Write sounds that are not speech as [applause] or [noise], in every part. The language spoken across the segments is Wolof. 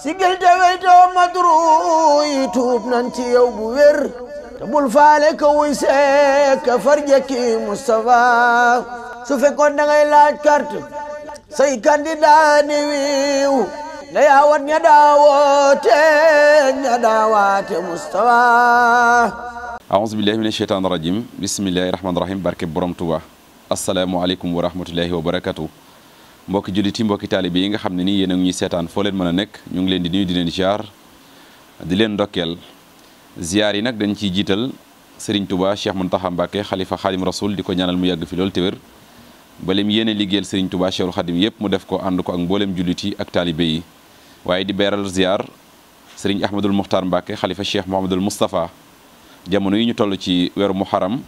سجل جاويت يوم مدروي توب ننتي او بوير تبول فالك ويسيك فرجك مصطفى سوف يكون نغي لاج كارت سي كانديداني ويو ليا ود نداوات نداوات مصطفى أعوذ بالله من الشيطان الرجيم بسم الله الرحمن الرحيم بارك بروم السلام عليكم ورحمة الله وبركاته mbokki jullit yi mbokki taalibe yi nga xam ne ni yéen a ngi ñuy seetaan foo leen mën a nekk ñu ngi leen di nuyu di leen ziar di leen ndokkeel ziar yi nag dañ ciy jiital Serigne Touba Cheikh Mountakha Mbacké xalifa xaadim rasul di ko ñaanal mu yàgg fi loolu te wér ba lim yéene liggéeyal Serigne Touba Cheikhul Xaadim yëpp mu def ko ànd ko ak mboolem jullit yi ak taalibe yi waaye di beeral ziar Serigne Ahmadul Muxtaar Mbacké xalifa Cheikh Mouhamadul Moustapha jamono yi ñu toll ci weeru muharam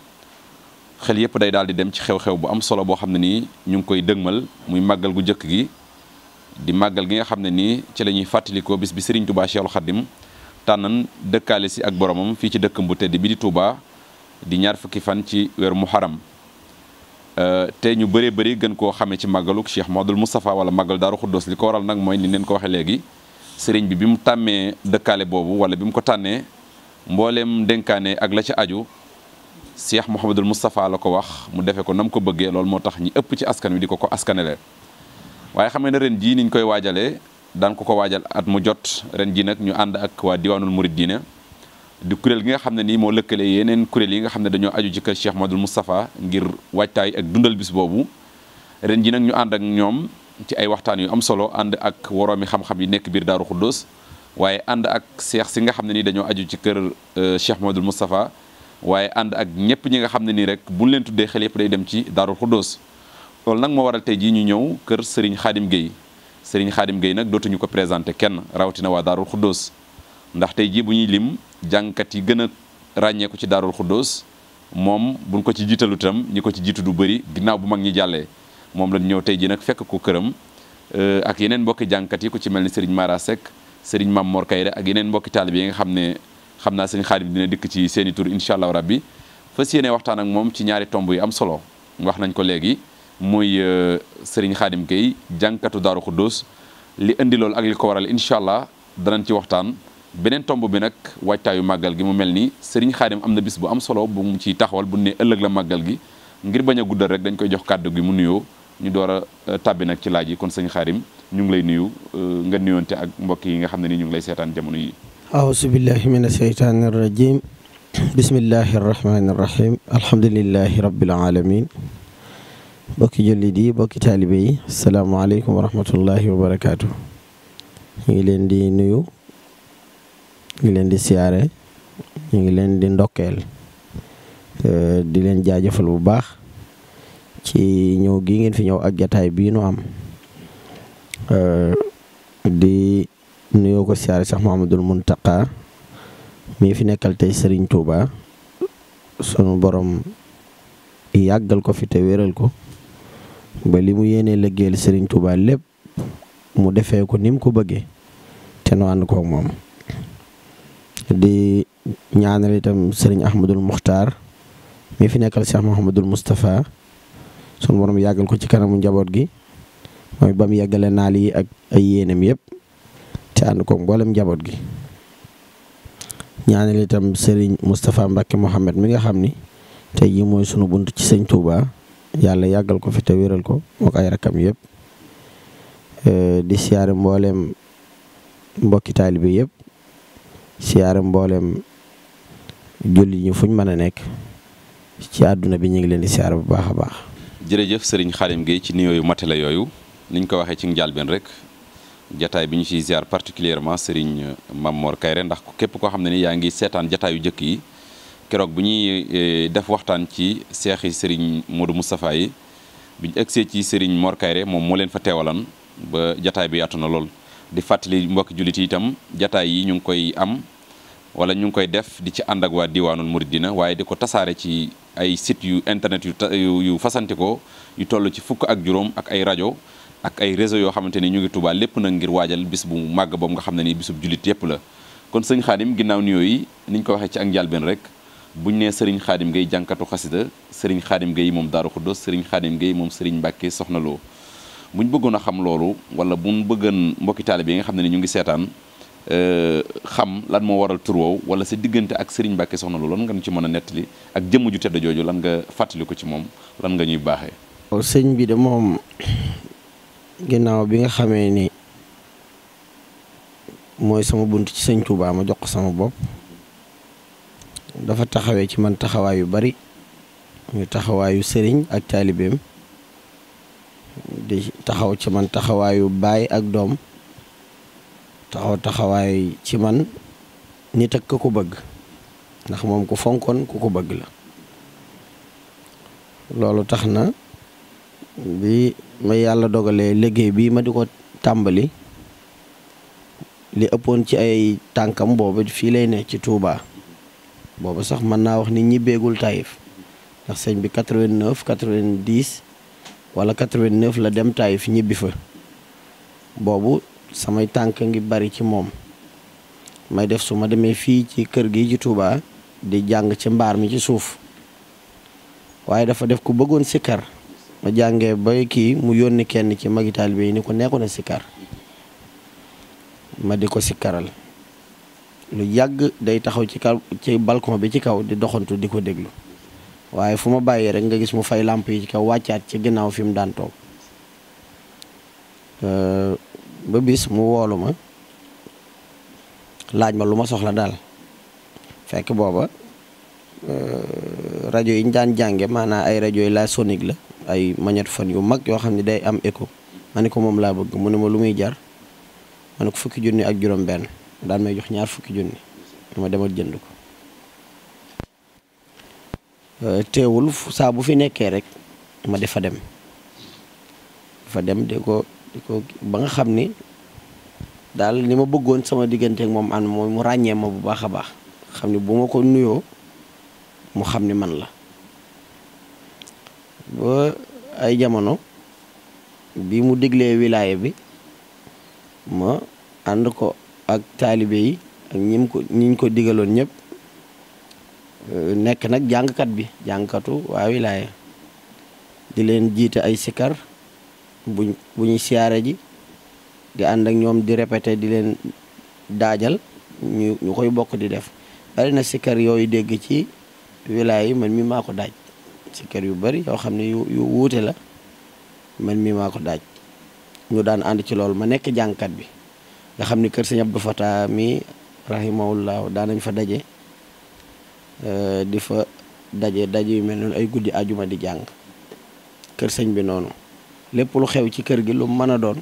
xel yëpp day daal di dem ci xew-xew bu am solo boo xam ne nii ñu ngi koy dëgmal muy màggal gu njëkk gi di màggal gi nga xam ne nii ci lañuy ñuy fàttalikoo bis bi sëriñ Touba Cheikhul Khadim tànnan dëkkaale si ak boromam fii ci dëkkam bu tedd bi di Touba di ñaar fukki fan ci weeru Muharram euh, te ñu bare bëri gën koo xamee ci màggaluk Cheikh Modou Moustapha wala màggal Daaru Xuddoos li ko waral nag mooy ni neen ko waxee léegi sëriñ bi bi mu tàmmee dëkkaale boobu wala bi mu ko tànnee mbooleem dénkaane ak la ca aju Cheikh Mouhamadul Moustapha la ko wax mu defee ko nam ko bëggee loolu moo tax ñi ëpp ci askan wi di ko ko askanele waaye xam ne ren jii niñ koy waajalee daan ko ko waajal at mu jot ren jii nag ñu ànd ak waa diwaanul muridina di kuréel gi nga xam ne nii moo lëkkale yeneen kuréel yi nga xam ne dañoo aju ci kër Cheikh Mouhamadul Moustapha ngir waajtaay ak dundal bis boobu ren ji nag ñu ànd ak ñoom ci ay waxtaan yu am solo ànd ak woroomi xam-xam yi nekk biir Daaru Xuddoos waaye ànd ak seex si nga xam ne nii dañoo aju ci kër euh, Cheikh Mouhamadul Moustapha waaye ànd ak ñëpp ñi nga xam ne nii rek bu leen tuddee xel yëpp day dem ci Daarul Xuddoos loolu nag moo waral tey jii ñu ñëw kër Serigne Khadim géey Serigne Khadim Gueye nag dootuñu ko présenté kenn rawatina waa Daarul Xuddoos ndax tey jii bu ñuy lim jàngkat yi gën a ràññeeku ci Daarul Xuddoos moom buñ ko ci jiitalu itam ñi ko ci jiitu du bëri ginnaaw bu mag ñi jàllee moom lañ ñëw tey jii nag fekk ko këram euh, ak yeneen mbokki jàngkat yi ko ci mel ni Serigne Mara sëriñ Serigne Mam Mor Kayre ak yeneen mbokki taalibe yi nga xam ne xam naa sëñ Xaadim dina dikk ci seeni i tur incha allah rabbi fas yéene waxtaan ak moom ci ñaari tomb yi am solo wax nañ ko léegi muy euh, sëriñ Xaadim Gueye jànkatu Daaru Xuddoos li indi loolu ak li ko waral incha allah danañ ci waxtaan beneen tomb bi nag waajtaayu màggal gi mu mel ni sëriñ Xaadim am na bis bu am solo bu mu ciy taxawal bu ne ëllëg la màggal gi ngir bañ a guddal rek dañ koy jox kàddu gi mu nuyoo ñu door a euh, tàbbi nag ci laaj yi kon sëñ Xaadim ñu ngi lay nuyu euh, nga nuyoonte ak mbokk yi nga xam ne ni ñu ngi seetaan jamono yi ahousubillahi min asheytaani irrajim bismillahi irrahmani irrahim alhamdulilahi rabilalamin bokki jullit yi bokki taalibe yi asalaamaaleykum wa rahmatullahi wa barakaatu ñu ngi leen di nuyu ñu ngi leen di siyaare ñu ngi leen di ndokkeel eh, di leen jaajëfal bu baax ci ñëw gi ngeen fi ñëw ak jataay bii am eh, di nuyoo ko siyaare Cheikh Mouhamadul Mountakha mii fi nekkal tey sëriñ Touba sunu boroom yàggal ko fi te wéral ko ba li mu yéene liggéeyal sëriñ Touba lépp mu defee ko ni mu ko bëggee te nu ànd koog moom. di ñaanal itam Serigne Ahmadul Muxtaar mii fi nekkal Cheikh Mouhamadul Moustapha sunu borom yàggal ko ci kanamu njaboot gi mooy ba mu yàggale naal yi ak ay yéeneem yëpp. te ànd koog mboolem njaboot gi ñaanal itam Serigne mustapha Mbacke mohammed mi nga xam ni tey jii mooy sunu bunt ci sëñ Touba yàlla yàggal ko fi te wéral ko ak ay rakam yëpp di siyaare mboolem mbokki taalibe yëpp siyaare mboolem julli ñu fuñ mën a nekk ci àdduna bi ñu ngi leen di siyaare bu baax a baax. jërëjëf Serigne Khadim Gueye ci nuyoo yu matela yooyu niñ ko waxee ci njàlbeen rek. jataay bi ñu ciy ziar particulièrement Serigne Mamor Kayre ndax képp koo xam ne ni yaa ngi seetaan jataayu jëkk yi keroog bu ñuy eh, def waxtaan ci seexi Serigne Modou Moustapha yi bi ñu ci Serigne Mor moom moo leen fa teewalan ba jataay bi yaatu na lool di fàttali mbokki jullit itam jataay yi ñu ngi koy am wala ñu ngi koy def di ci ànd ak waa diwaanul dina waaye di ko tasaare ci ay site yu internet yu yu fasantikoo yu toll ci fukk ak juróom ak ay rajo ak ay réseau yoo xamante ni ñu ngi Touba lépp nag ngir waajal bis bu màgg boobu nga xam ne ni bisub jullit yépp la kon sëñ xaadim ginnaaw nuyoo yi niñ ko waxee ci ak njàlbeen rek buñ nee sëriñ xaadim ngay jànkatu xasida sëriñ xaadim ngay moom daaru xuddos sëriñ xaadim ngay moom sëriñ mbàkke soxna a xam loolu wala buñ bëggoon mbokki taalibe yi nga xam ne ni ñu ngi seetaan euh, xam lan moo waral tur wala sa diggante ak sëriñ mbàkke soxna loo nga ñu ci mën a nettali ak jëmm ju tedd jooju lan nga fàttali ko ci moom lan nga ñuy baaxee sëñ bi de moom ginaaw bi nga xamé ni moy sama buntu ci Seigne Touba ma jox sama bop dafa taxawé ci man taxaway yu bari ñu yu sëriñ ak talibem di taxaw ci man yu bay ak dom taxaw taxaway ci man nit ak ku ko bëgg ndax mom ku fonkon ku ko bëgg la lolu taxna bi ma yàlla dogalee liggéey bi ma di ko tàmbali li ëppoon ci ay tànkam boobu fii lay ne ci tuubaa boobu sax mën naa wax ni ñibbeegul Taïf ndax sëñ bi 89 90 wala 89 la dem Taïf ñibbi fa boobu samay tànk ngi bari ci moom may def su ma demee fii ci kër gi ci tuubaa di jàng ci mbaar mi ci suuf waaye dafa def ko bëggoon sikkar ma jange bay ki mu yónni kenn ci magi talibé ni ko nekku na ma di ko lu yag day taxaw ci kaw ci balcon bi ci kaw di doxantu di deglu waye fuma baye rek nga gis mu fay lampi, yi ci kaw waccat ci ginaaw fim dan tok euh ba bis mu woluma laaj ma luma soxla dal fekk booba euh, radio yi ñaan daan manana ay radio la sonique la ay mañet fan yu mag yo, xamni day am écho ma ne ko moom laa bëgg mu ne ma lu muy jar ma ko fukki jooni ak juroom benn daan may jox ñaar fukki junni ma demal jënd ko euh, teewul sa bu fi nekké rek ma defa dem fa dem di ko di ko ba nga dal ni ma bëggoon sama digënté ak mom an mo mu ma bu baaxa baax xamni ni bu ma ko mu xamni man la ba ay jamono bi mu diglee wilaaya bi ma ànd ko ak taalibe yi ak ñim ko ñiñ ko digaloon ñëpp euh, nekk nag jàngkat bi jàngkatu waa wilaaya di leen jiite ay sikar bu ñu siyaare ji di ànd ak ñoom di répété di leen daajal ñu koy bokk di def bari na sikar yooyu dégg ci wilaaya yi man mi maa ko daaj ci kër yu bari yo xamni yu wuté la man mi mako ko ñu daan and ci lool ma nekk jankat bi nga xamni kër sëñ Abdou Fata mi rahimahullahu nañ fa daje di fa daje daje yu mel non ay guddii aljuma di jang kër sëñ bi non lepp lu xew ci kër gi lu mëna doon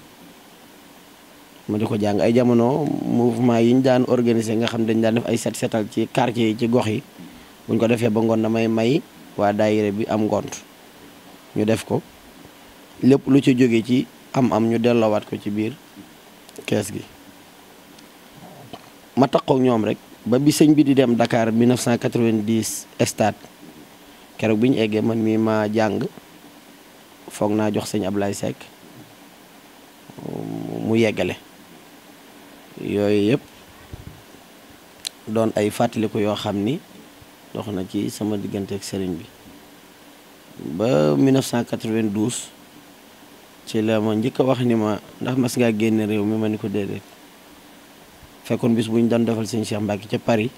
ma di ko ay jamono mouvement yi ñu daan organiser nga xam dañ daan def ay set setal ci quartier yi ci gox yi buñ ko defé ba ngon damay may wa daire bi am gont ñu def ko lepp lu ci joge ci am-am ñu wat ko ci bir kess gi ma takkook ñom rek ba bi señ bi di dem Dakar 1990 stade kérok biñu ñu man mi ma jang foog na jox señ Ablaye sek mu yeggale yoy yëpp don ay dox na ci sama diggante ak sëriñ bi ba 1992 ci la ma njëkk a wax ni ma ndax mas ngaa génn réew mi ma ni ko déedéet fekkoon bis bu ñu daan defal sëñ Cheikh Mbacke ca Paris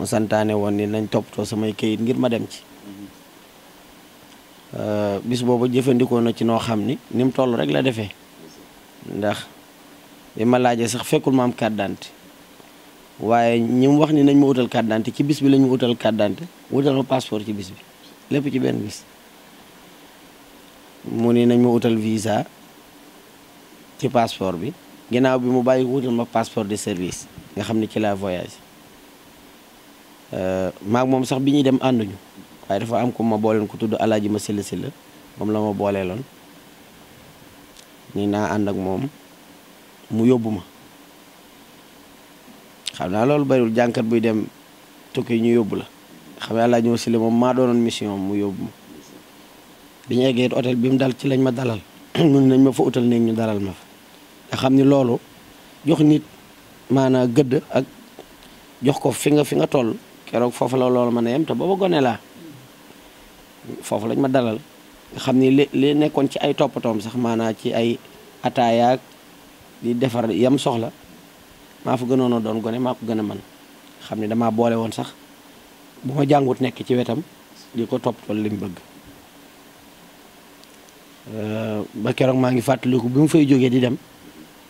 mu santaane woon ni nañ toppatoo samay kayit ngir ma dem ci euh, bis boobu jëfandikoo na ci noo xam ni ni mu toll rek la defee ndax bi ma laajee sax fekkul ma am carte waaye ñi wax ni nañ ma utal carte d'identité ci bis bi lañ ma utal carte d'identité utal ma passeport ci bis bi lépp ci benn bis mu ni nañ ma utal visa ci passeport bi ginnaaw bi mu bàyyi wutal ma passeport de service nga xam ne ci la voyage euh, maag moom sax bi ñuy dem ànduñu waaye dafa am ku ma booleen ku tudd alaaji ma silla silla moom la ma booleeloon ni naa ànd ak moom mu yóbbu ma xam loolu bariwul jànkat buy dem tukki ñu yóbbu la xam naa laa moom maa mission mu yóbbu ma bi bi mu dal ci lañ ma dalal [clears throat] nañ ma fa utal ñu dalal ma nga xam ni loolu jox nit maanaa gëdd ak jox ko fi nga fi nga toll keroog foofu la loolu mën a yem te ma gone laa foofu lañ ma dalal nga xam ni li li nekkoon ci ay toppatoom sax maanaa ci ay ataayaak di defar yam soxla ma fa gënoon a doon gone ma ko gëna man xamni dama boole won sax buma ma nek ci wetam diko top toppatoo lim bëgg euh ba keroog ma ngi fàttaliku bi fay joggé di dem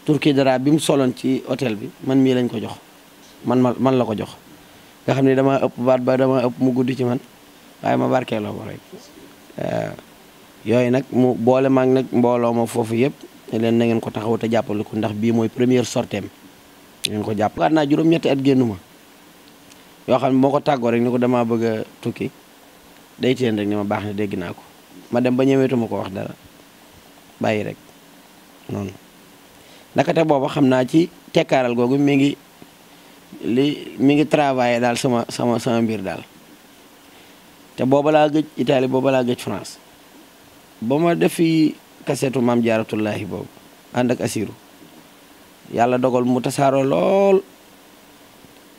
turki dara bi solon ci hôtel bi man mi lañ ko jox man man la ko jox nga xamni dama ëpp baat ba dama ëpp mu gudd ci man waye ma barkeeloo ko rek euh, yoy nak mu boole maag nag mbooloo ma foofu yëpp ne leen na ngeen ko taxaw ta jappaliku ndax bi moy première sortie ñu ko japp gaat naa ñetti at gennuma yo xamni moko taggo ko rek ni ko damaa bëgg tukki day teen rek ni ma baax ne dégg ko ma dem ba ñëweetuma mako wax dara bayyi rek non ndakate bobu xamna ci tekkaaral googu mi ngi li mi ngi travailler dal sama sama sama bir dal te bobu la gëj Italie bobu la gëj France bama ma defi kaseetu mam jaratullah bobu ànd ak asiru yàlla dogal mu tasaaroo lool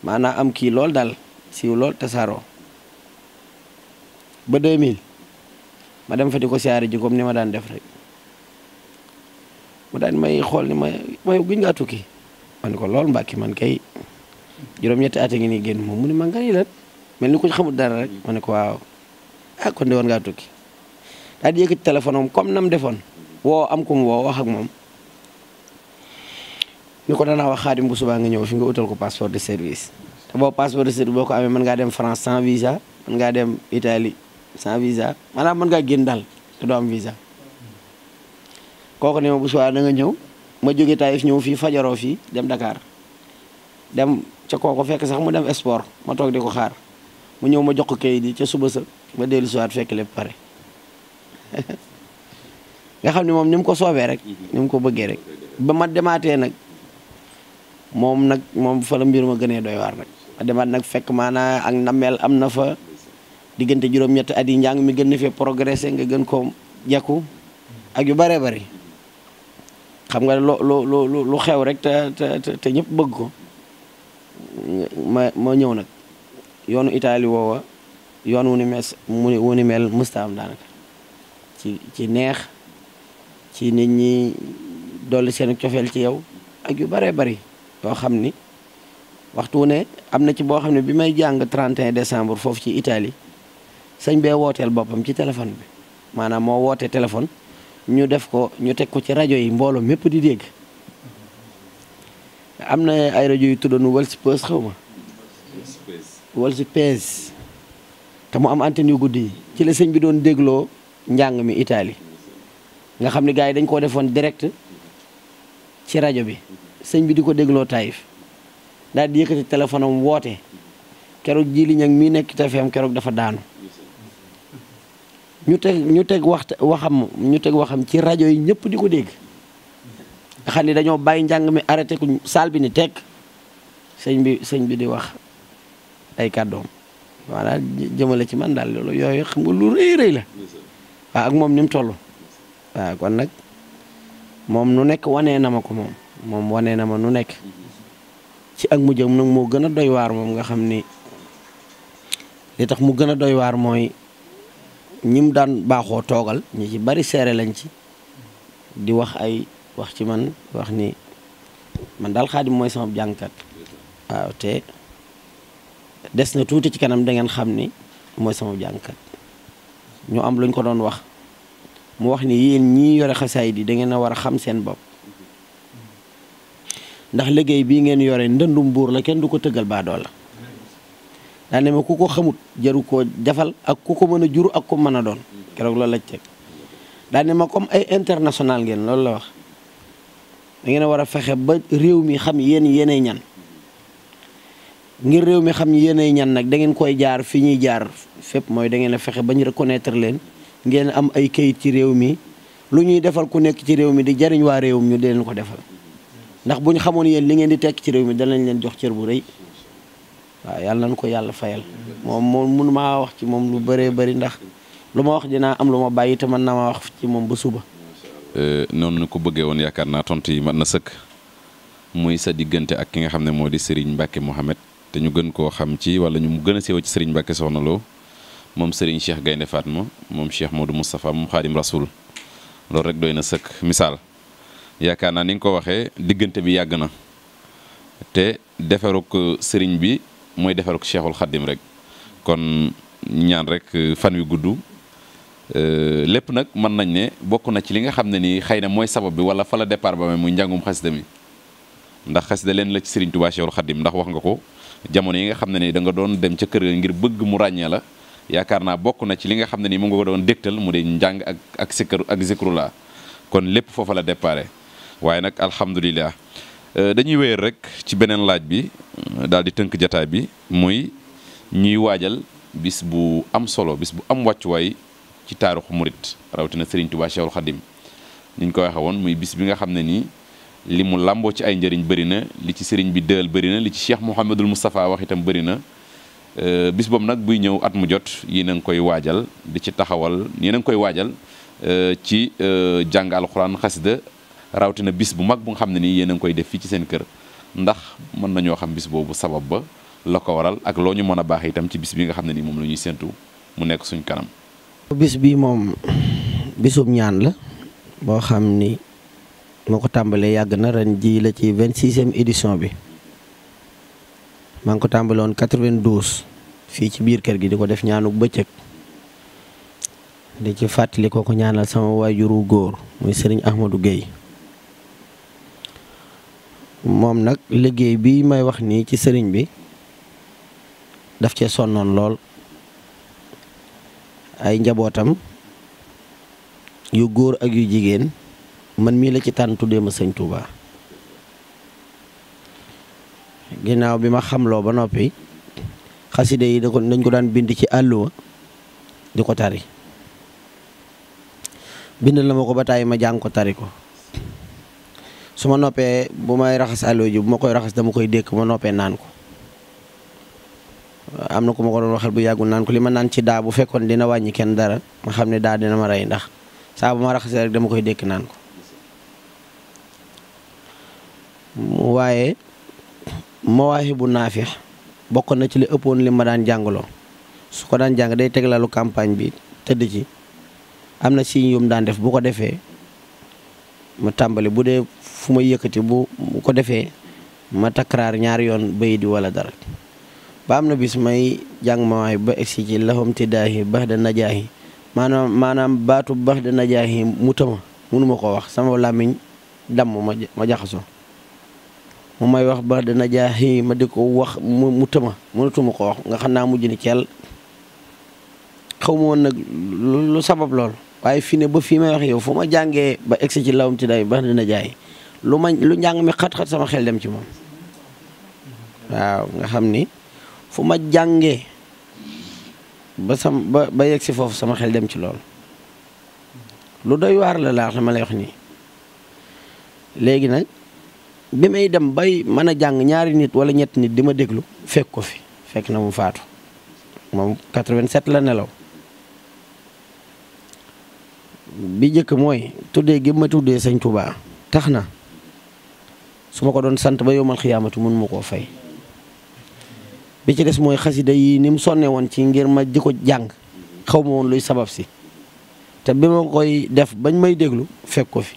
maanaam am kii lool daal siiw lool tasaaroo ba 2000 ma dem fa di ko siyaare ji comme ni ma daan def rek mu daan may xool ni ma may gis ngaa tukki ma ne ko lool mbaki man kay juróom-ñetti at a ngi nii génn moom mu ne ma nga ni lan mel ni ko xamul dara rek ma ne ko waaw ah kon de woon ngaa tukki daal di yëkkati téléphone am comme nam defoon woo am ko mu woo wax ak moom. ñu ko danaa wax xaadim bu subaa nga ñëw fi nga utal ko passeport de service te boo passeport de service boo ko amee mën ngaa dem France sans visa mën ngaa dem Italie sans visa maanaam man ngaa génn dal te doo am visa kooku ne ma bu subaa da nga ñëw ma jóge Taïf ñëw fii fajaroo fii dem Dakar dem ca kooku fekk sax mu dem sport ma toog di ko xaar mu ñëw ma jox ko kayit yi ca suba sa ma dellu siwaat fekk lépp pare [laughs] nga xam ne moom ni mu ko soobee rek ni mu ko bëggee rek ba ma demaatee nag mom nak mom fa la mbir ma gëné doy war nak ma demaat nag fekk mana ak namel am na fa digënté juroom ñett adi ñang mi gën fi progresser nga gën ko jaku ak yu bare bare xam nga lo lo lo lu xew rek te te te ñëpp bëgg ko ma ma ñëw nag yoonu italy woowa yoon wu ni mes wu ni mel mustafa am daanaka ci ci neex ci nit ñi dolli seen ciofel ci yow ak yu bare bare yoo xam ni waxtu wu ne am na ci boo xam ne bi may jàng 31 décembre foofu ci Italie sëñ bee wooteel boppam ci téléphone bi maanaam moo woote téléphone ñu def ko ñu teg ko ci rajo yi mbooloo mépp di dégg am na ay rajo yu tuddoon Walsipes xaw ma Walsipes te mu am antenne yu guddi yi ci la sëñ bi doon dégloo njàng mi Italie nga xam ne gars yi dañ koo defoon direct ci rajo bi sëñ bi di ko dégloo Taïf daal di yëkkati téléphone am woote keroog jili ñag mii nekk tefeem keroog dafa daanu ñu teg ñu teg wax waxam ñu teg waxam ci rajo yi ñëpp di ko dégg nga xam ni dañoo bàyyi njàng mi arrêté ku saal bi ni teg sëñ bi sëñ bi di wax ay kàddoom voilà jëmale ci man daal loolu yooyu xam nga lu rëy rëy la waaw ak moom ni mu toll waaw kon nag moom nu nekk wanee na ma ko moom moom wane na ma nu nekk ci ak mujjam nag moo gën a doy waar moom nga xam ni li tax mu gën a doy waar mooy ñim daan baaxoo toogal ñu ci bari seere lañ ci di wax ay wax ci man wax ni man daal xaadim mooy sama jàngkat waaw te des na tuuti ci kanam dangeen xam ni mooy sama jàngkat ñu am luñ ko doon wax mu wax ni yéen ñii yore xasaay di da ngeen a war a xam seen bopp ndax liggey bi ngeen yore ndëndum buur la kenn duko teugal ba baadoo la daa ne ma kuko xamut jaru jafal ak kuko meuna juru a ak ko meuna a doon keroog loolu la teg da ne ma comme ay international ngeen loolu la wax da ngeen wara fexé ba rew mi xam yéen yene ñan ngir rew mi xam yene ñan nak da ngeen koy jaar fi jaar fep moy da ngeen fexé reconnaître leen ngeen am ay kayit ci rew mi lu ñuy defal ku nekk ci rew mi di jariñ rew mi ñu ko defal ndax bu ñu xamoon yéen li ngeen di tekk ci réew mi danañ leen jox cër bu rëy waaw yàlla nañ ko yàlla fayal moom moom mun maa wax ci moom lu bëree bari ndax lu ma wax dinaa am lu ma bàyyi te man na ma wax ci moom ba suba. Euh, noonu ñu ko bëggee woon yaakaar naa tontu yi mën na sëkk muy sa diggante ak ki nga xam ne moo di Serigne Mbacke Mohamed te ñu gën koo xam ci wala ñu gën a siiw ci Serigne Mbacke Soxna Lo moom Serigne Cheikh Gaynde Fatma moom Cheikh Modou Moustapha moom Xaadim Rasoul loolu rek na sëkk misaal. yaakaar naa ni nga ko waxee diggante bi yàgg na te defarug sëriñ bi mooy defarug Cheikhul Khadim rek kon ñaan rek fan wi gudd euh, lépp nag mën nañ ne bokk na ci li nga xam ne nii xëy na mooy sabab bi wala fa la départ ba muy njàngum xasida mi ndax xasida leen la ci sëriñ Tuubaa Cheikhul Khadim ndax wax nga ko jamono yi nga xam ne nii da nga doon dem ca kër ngir bëgg mu ràññee la yaakaar naa bokk na ci li nga xam ne nii mu nga ko doon dégtal mu dee njàng ak ak ak zikrulaa kon lépp foofa la déparé waaye nag alhamdulilah euh, dañuy wéyal rek ci beneen laaj bi euh, daal di tënk jataay bi muy ñuy waajal bis bu am solo bis bu am wàccuwaay ci taarixu murit rawatina Serigne Touba Cheikhul Khadim ni ñu ko waxe woon muy bis bi nga xam ne nii li mu làmboo ci ay njëriñ bëri na li ci sëriñ bi dël bëri na li ci Cheikh Mouhamadul Moustapha wax itam bëri na euh, bis boobu nag buy ñëw at mu jot yi na koy waajal di ci taxawal yi na koy waajal ci jàng alxuraan xasida rawatina bis bu mag bu nga xam yeen nii koy def fi ci seen kër ndax mën nañu xam bis bobu sabab ba lako waral ak loñu mëna bax itam ci bis bi nga xamni ne nii moom la mu nekk suñ kanam. bis bi mom bisum ñaan la bo xamni ni tambalé yag na ran ji la ci 26e édition bi maa ngi ko tambalon 92 fi ci biir kër gi diko def ñaanu beccëk di ci fatali ko ko ñaanal sama waajuru góor muy serigne Ahmadou Guèye moom nag liggéey bi may wax nii ci sëriñ bi daf cee sonnoon lool ay njabootam yu góor ak yu jigéen man mii la ci tànn tuddee ma sëñ Touba ginnaaw bi ma xamloo ba noppi xaside yi da ko ko daan bind ci àlluwa di ko tari bind la ma ko ba tàyyi ma jàng ko tari ko su ma noppee bu may raxas allo bu ma koy raxas dama koy dékk ma noppee naan ko am na ku ma ko doon waxal bu yàggul naan ko li ma naan ci daa bu fekkoon dina wàññi kenn dara ma xam ne daa dina ma rey ndax saa bu ma raxasee rek dama koy dékk naan ko waaye bu naafix bokkoon na ci li ëppoon li ma daan jàngaloo su ko daan jàng day teglalu campagne bi tëdd ci am na signe yum daan def bu ko defee mu tàmbali bu dee Fuma yëkëti bu ko mata ma takrar ñaar yoon bay di wala dara ba amna bis may ma way ba exi ci lahum tidahi bahda da manam manam batu bahda najahi da munuma wax sama lamiñ dam ma ma jaxasoo mu may wax bahda najahi ma diko wax mutama tama mënatuma ko wax nga xana naa mujj ni ceel xaw ma woon lu sabab lol waye ba fi may wax yow fuma jangé ba exi ci lahum tidahi bahda da lu ma lu njàng mi xat-xat sama xel dem ci moom waaw nga xam ni fu ma jàngee ba sam ba ba yegg foofu sama xel dem ci lool lu doy waar la laax la ma lay wax nii léegi nag bi may dem bay mën a jàng ñaari nit wala ñetti nit di ma déglu fekk ko fi fekk na mu faatu moom 87 la nelaw bi jëkk mooy tuddee gi ma tuddee sëñ Touba tax na su ma ko doon sant ba yowmal xiyaamati mun ma koo fay bi ci des mooy xasida yi ni mu sonne woon ci ngir ma di ko jàng xaw ma woon luy sabab si te bi ma koy def bañ may déglu fekk ko fi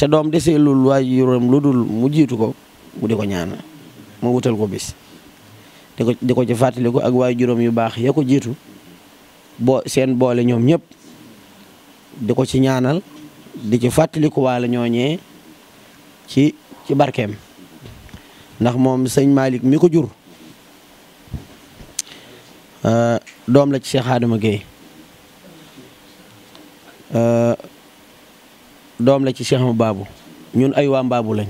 te doom desee lul waajuram lu dul mu jiitu ko mu di ko ñaana mu wutal ko bis di ko di ko ci fàttaliku ak waaye juróom yu baax ya ko jiitu boo seen boole ñoom ñëpp di ko ci ñaanal di ci fàttaliku waale ñooñee ci ci barkeem ndax moom sëñ maalik mi ko jur euh, doom la ci Cheikh Adama Guèye euh, doom la ci Cheikh baabu ñun ay waa Mbaabu lañ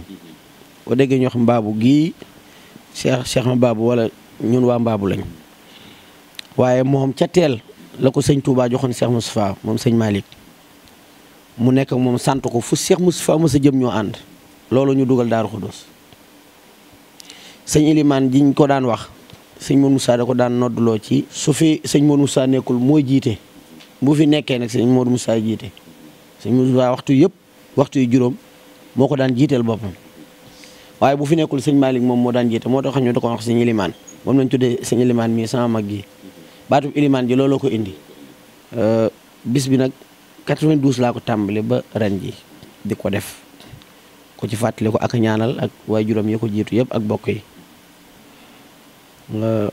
boo déggee ñu Mbaabu gii Cheikh Cheikh Mbaabu wala ñun waa lañ waaye moom ca teel la ko sëñ Touba joxoon Cheikh Moustapha moom sëñ Malick mu nekk moom sant ko fu Cheikh Moustapha mos a jëm ñoo ànd. loolu ñu dugal daaru xudus sëñ ilimaan jiñ ko daan wax sëñ Mourou Moussa da ko daan nodduloo ci su fi sëñ Mourou Moussa nekkul mooy jiite bu fi nekkee nag sëñ Mourou Moussa jiite sëñ Mourou Moussa waxtu yëpp waxtu yu juróom moo ko daan jiiteel boppam waaye bu fi nekkul sëñ Malick moom moo daan jiite moo tax ñu da ko wax sëñ ilimaan moom nañ tuddee sëñ ilimaan mii sama mag gi baatub ilimaan ji looloo ko indi bis bi nag 92 laa ko tàmbali ba ren ji di ko def ko ci fatale ko ak ñaanal ak waajuram yi ya ko jitu yeb ak bokk yi nga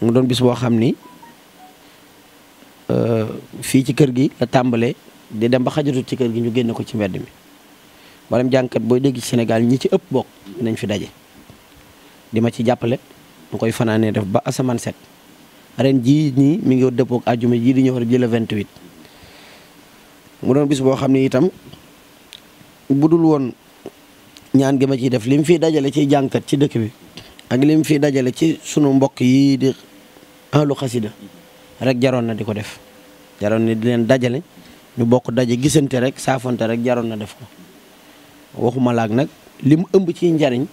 mu doon bis bo xamni euh fi ci kër gi la tambalé di dem ba xajatu ci kër gi ñu génne ko ci mbedd mi walam jankat boy dégg ci Sénégal ñi ci ëpp bok nañ fi dajé di ma ci jappalé mu koy fanané def ba asaman set ren jii ni mi ngi dëppook aljuma ji di ñëw rek jël 28 mu doon bis bo xamni itam Budul won ñaan gi ma ci def lim fi dajale ci jankat ci dekk bi ak lim fi dajale ci sunu mbokk yi di ahlu khasida rek jaron na di def jaron na di len dajale ñu bokk dajje gisante rek safonte rek jaron na def ko waxuma laak nak lim ëmb ci njariñ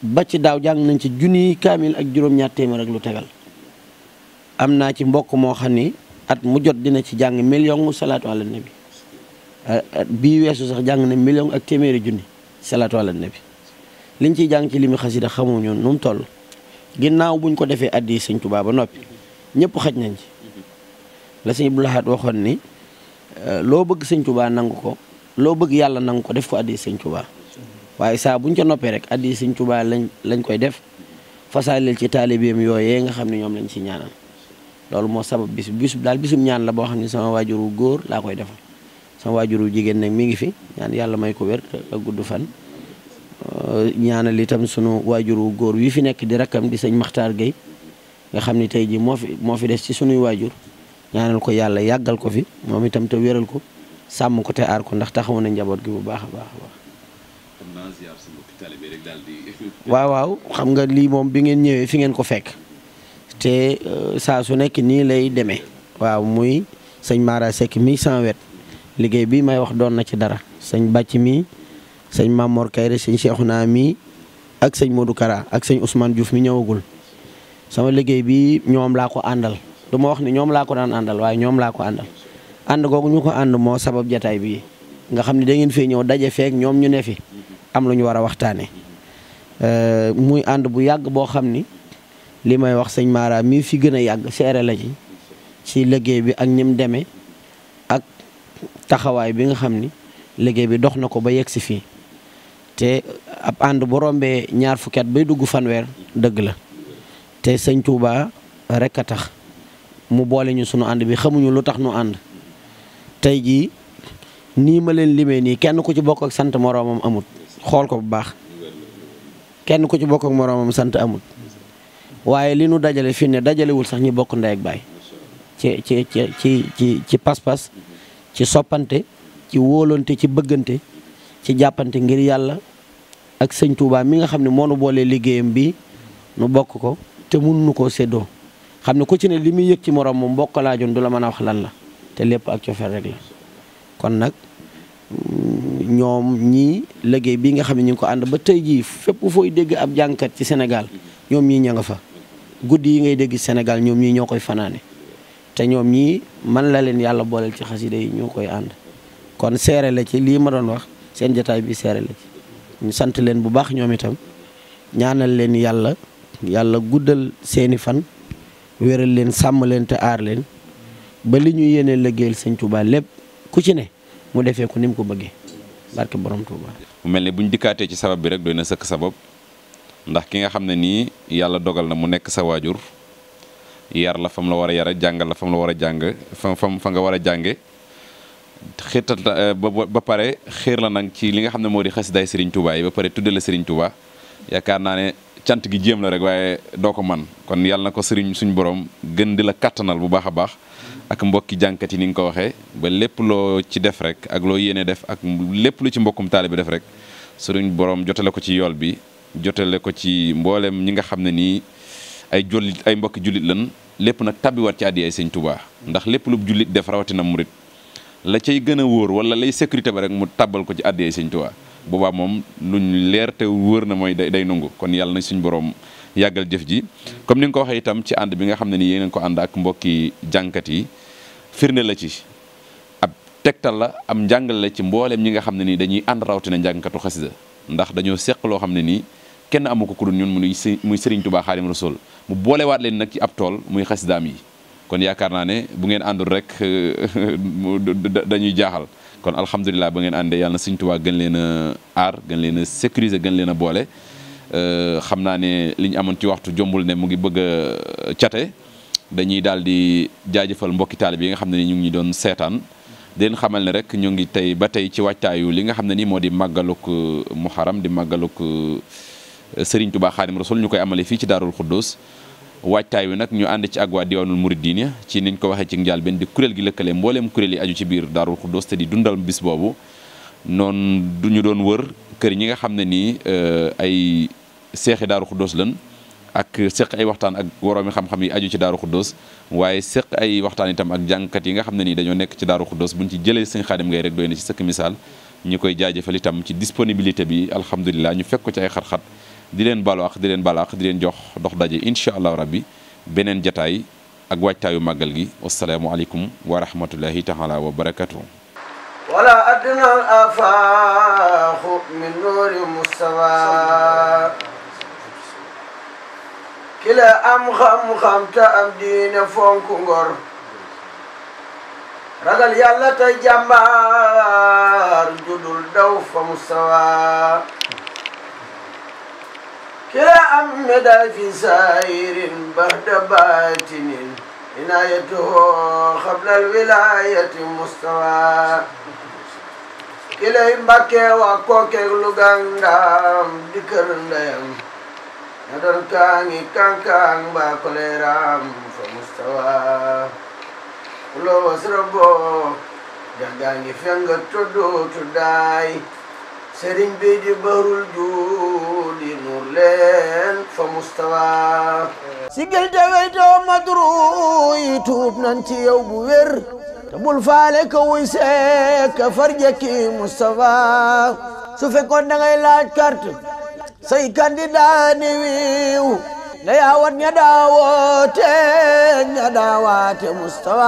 ba ci daw jang nañ ci juni kamil ak juroom ñaar téeméer ak lu tegal amna ci mbokk mo xani at mu jot dina ci jang million salatu ala nabi Eh, eh, bii weesu sax jàng na million ak téeméeri junni salaatu na bi liñ ciy jàng ci li mu xasida xamuñu nu mu toll ginnaaw buñ ko defee addi sëñ Tuubaa ba noppi ñëpp xaj nañ ci la sëñ Abdul Ahad waxoon ni eh, loo bëgg sëñ Tuubaa nangu ko loo bëgg yàlla nangu ko def ko àddi sëñ Tuubaa waaye saa buñ ko noppee rek addi sëñ Tuubaa lañ lañ koy def fasaaleel ci taalibeem yooyee nga xam ne ñoom lañ ci ñaanal loolu moo sabab bis bis daal bisum ñaan la boo xam ne sama waajuru góor laa koy defal sama wajuru jigen nak mi ngi fi ñaan yalla may ko wér ak gudd fan euh, ñaanal itam sunu wajuru gor wi fi nek di rakam di sëñ makhtar Gueye nga xamni tay ji mo fi mo fi dess ci sunuy wajur ñaanal ko yalla yagal ko fi mom itam te wéral ko sam ko te ar ko ndax taxaw na njabot gi bu baax a baax a baax [laughs] waaw waaw xam nga li mom bi ngeen ñëwee fi ngeen ko fekk té euh, sa su nek ni lay démé waaw muy sëñ Mara sek mi wet liggéey bi may wax doon na ci dara sëñ bàcc mi sëñ Mamor Kayre sëñ naa mi ak sëñ Modou Kara ak sëñ Ousmane Diouf mi ñëwagul sama liggéey bi ñoom laa ko àndal du ma wax ni ñoom laa ko daan àndal waaye ñoom laa ko àndal ànd googu ñu ko ànd moo sabab jataay bi nga xam ne da ngeen fee ñëw daje feek ñoom ñu ne fi am lu ñu war a waxtaanee euh, muy ànd bu yàgg boo xam ni li may wax sëñ Mara mii fi gën a yàgg seere la ci si liggéey bi ak ñim demee taxawaay bi nga xam ni liggéey bi dox na ko ba yegg si fii te ab ànd bu rombee ñaar fukki at bay dugg fanweer dëgg la te sëñ Touba rekk a tax mu boole ñu sunu ànd bi xamuñu lu tax nu ànd tey jii nii ma leen limee nii kenn ku ci bokk ak sant moroomam amut xool ko bu baax kenn ku ci bokk ak moroomam sant amut waaye li nu dajale fii ne dajalewul sax ñi bokk ndey ak baay ci ci ci ci pas-pas ci soppante ci wóolante ci bëggante ci jàppante ngir yàlla ak sëñ Touba mi nga xam ne moo nu boolee liggéeyam bi nu bokk ko te mënuñu koo seddoo xam ne ku ci ne li muy yëg ci morom moom bokk laa du la mën a wax lan la te lépp ak cofeel rek la kon nag mm, ñoom ñii liggéey bii nga xam ne ñu ko ànd ba tey jii fépp fooy dégg ab jànkat ci senegal ñoom ñii ña nga fa guddi yi ngay dégg senegal ñoom ñii ñoo koy fanaane te ñoom ñii man la leen yàlla booleel ci xasida yi ñu koy ànd kon seere la ci lii ma doon wax seen jataay bi seere la ci ñu sant leen bu baax ñoom itam ñaanal leen yàlla yàlla guddal seeni fan wéral leen sàmm leen te aar leen ba li ñu yéene liggéeyal sëñ Touba lépp ku ci ne mu defee ko ni mu ko bëggee barke borom Touba. mu mel ne buñ ñu dikkaatee ci sabab bi rek doy na sëkk sabab ndax ki nga xam ne nii yàlla dogal na mu nekk sa waajur. yar la fam la war a yara jàngal la fam la war a jàng fa fam fa nga war a jànge xirtal eh, ba pare xiir la nag ci li nga xam ne moo di xasidaay Serigne Touba yi ba pare tudde la Serigne Touba yaakaar naa ne cant gi jéem la rek waaye doo ko man kon yàlla na ko Serigne suñ borom gën di la kattanal bu baax a baax ak mbokki jànkat yi ni nga ko waxee ba lépp loo ci def rek ak loo yéene def ak lépp lu ci mbokkum bi def rek Serigne boroom jotale ko ci yool bi jotale ko ci mboolem ñi nga xam ne nii ay jullit ay mbokki jullit lan lépp nag tabbiwaat ci àddiyaay sëñ Tuubaa ndax lépp lu jullit def rawatina rek la cay gën a wóor wala lay sécurité ba rek mu tabbal ko ci àddiyaay sëñ Tuubaa boobaa moom lu ñu leerte wóor na mooy day day nangu kon yàlla na suñ borom yàggal jëf ji comme ni nga ko waxee itam ci ànd bi nga xam ne ni yéen ko ànd ak mbokki jànkat yi firnde la ci ab tegtal la am njàngal la ci mbooleem ñi nga xam ne nii dañuy ànd rawatina njàngkatu xasida ndax dañoo seq loo xam ne nii kenn amu ko ku dul ñun muy muy Serigne Touba khadim Rasul mu wat len nak ci ab tool muy khassidam yi kon yaakaar ne bu ngeen andul rek [laughs] dañuy jaaxal kon alhamdullilah bu ngeen àndee yalla Serigne Touba gën leena ar gën leena sécuriser gën leena a boole euh, xam ne liñ amon ci waxtu jombul ne mu ngi bëgg a dañuy daldi di mbokki taalib yi nga xamne ñu ngi doon sétane den xamal ne rek ñu ngi tay ba ci waccayu li nga xamne ni modi di euh, muharram muharam di magaluk. Euh, Serigne Touba Xaadim Rasul ñu koy amale fii ci Daarul Xuddoos waajtaay wi nag ñu ànd ci ak waa diwaanul Mouridine ci niñ ko waxee ci njaal benn di kuréel gi lëkkale mbooleem kuréel yi aju ci biir Daarul Xuddoos te di dundal bis boobu noonu du ñu doon wër kër ñi nga xam ne nii euh, ay seexi Daarul Xuddoos lan ak seq ay waxtaan ak woroomi xam-xam yi aju ci Daarul Xuddoos waaye seq ay waxtaan itam ak jàngkat yi nga xam ne nii dañoo nekk ci Daarul Xuddoos buñ ci jëlee sëñ Xaadim ngay rek doy na ci sëkk ñu koy jaajëfal itam ci disponibilité bi alhamdulilah ñu fekk ko ci ay xat dilen leen balu ak di leen balu ak di jox dox daje inshallah rabbi benen jotaay ak wajtaayu magal gi alaykum wa rahmatullahi taala wa barakatuh ولا أدنى الآفاق من نور مستوى كلا أم خم خم تأم دين فون كنغر رجل يلا تجمار جدول دوف مستوى يا أمدا في سائر بعد باطن عنايته قبل الولاية مستوى كلي مبكي وكوكي لغاندام ذكر ليم ندر كاني كان كان باكوليرام فمستوى لو وسربو جاغاني فينغ تدو تداي sëriñ bi di barul nur leen fa mustawa sigil te weytoo madru yi tuub nan ci bu wér te bul faale ka wuy seek ka farjaki mustawa su fekkoon da ngay laaj carte say candidat wiiw na yaawat ña daawoote ña daawaate mustawa